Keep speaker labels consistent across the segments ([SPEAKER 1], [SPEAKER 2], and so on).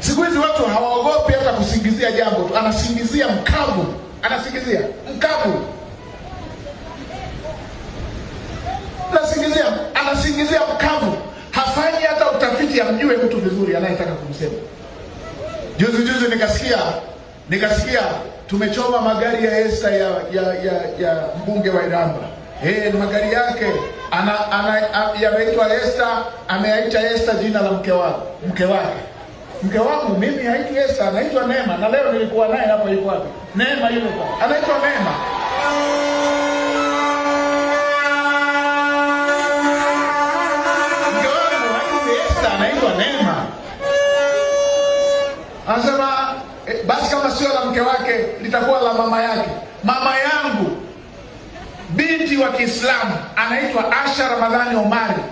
[SPEAKER 1] Siku hizi watu hawaogopi hata kusingizia jambo tu, anasingizia mkavu, anasingizia mkavu, anasingizia anasingizia mkavu, hafanyi hata utafiti amjue mtu vizuri anayetaka kumsema. Juzi juzi nikasikia nikasikia tumechoma magari ya Esta ya ya ya, ya mbunge wa Iramba. Eh, magari yake ana, ana, yanaitwa Esta, ameaita Esta jina la mke wake mke wake mke wangu mimi haitwi Esther, anaitwa Neema, na leo nilikuwa naye hapo. Ilikuwa wapi Neema? Yule anaitwa Neema. Anasema eh, basi kama sio la mke wake litakuwa la mama yake. Mama yangu binti wa Kiislamu anaitwa Asha Ramadhani Omari.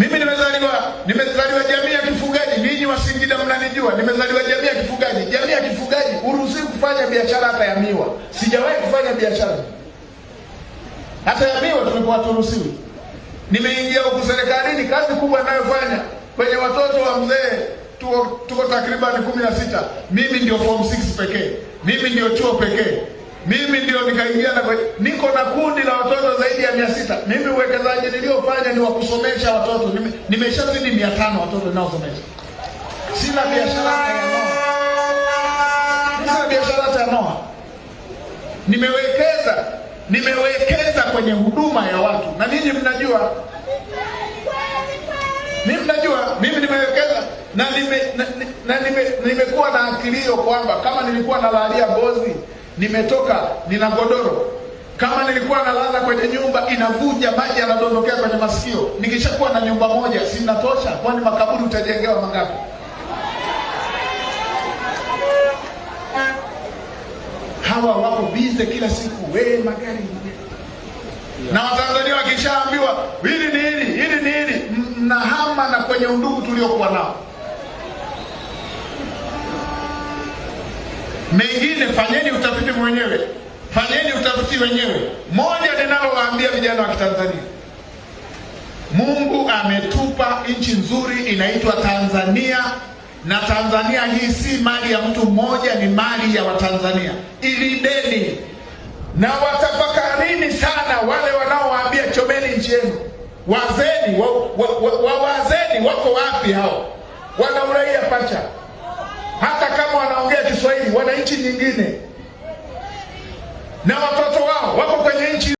[SPEAKER 1] Mimi nimezaliwa nimezaliwa jamii ya kifugaji, ninyi wa Singida mnanijua, nimezaliwa jamii ya kifugaji. Jamii ya kifugaji uruhusi kufanya biashara hata ya miwa, sijawahi kufanya biashara hata ya miwa, tumekuwa turuhusiwi. Nimeingia huku serikalini, kazi kubwa ninayofanya kwenye watoto wa mzee tuko, tuko takribani kumi na sita. Mimi ndio form 6 pekee, mimi ndio chuo pekee mimi ndio nikaingia na niko na kundi la watoto zaidi ya mia sita. Mimi uwekezaji niliofanya ni wa kusomesha watoto. nimeshazidi mia tano watoto ninaosomesha. Sina biashara ya noa, sina biashara ya noa. Nimewekeza, nimewekeza kwenye huduma ya watu, na ninyi mnajua, mimi mnajua, mimi nimewekeza na nime na, na, na nimekuwa na akilio kwamba kama nilikuwa nalalia bozi nimetoka, nina godoro kama nilikuwa nalala kwenye nyumba inavuja, maji yanadondokea kwenye masikio. Nikishakuwa na nyumba moja, si natosha? Kwani makaburi utajengewa mangapi? Hawa wako bize kila siku, wee magari yeah. Na Watanzania wakishaambiwa hili ni hili, hili ni hili, mnahama na kwenye undugu tuliokuwa nao. Mengine fanyeni utafiti mwenyewe, fanyeni utafiti wenyewe. Moja ninalowaambia vijana wa Kitanzania, Mungu ametupa nchi nzuri inaitwa Tanzania, na Tanzania hii si mali ya mtu mmoja, ni mali ya Watanzania. Ilindeni na watafakarini sana wale wanaowaambia chomeni nchi yenu. Wazeni wa, wa, wa, wa wazeni wako wapi hao? Wana uraia pacha, hata kama wana Kiswahili wana nchi nyingine na watoto wao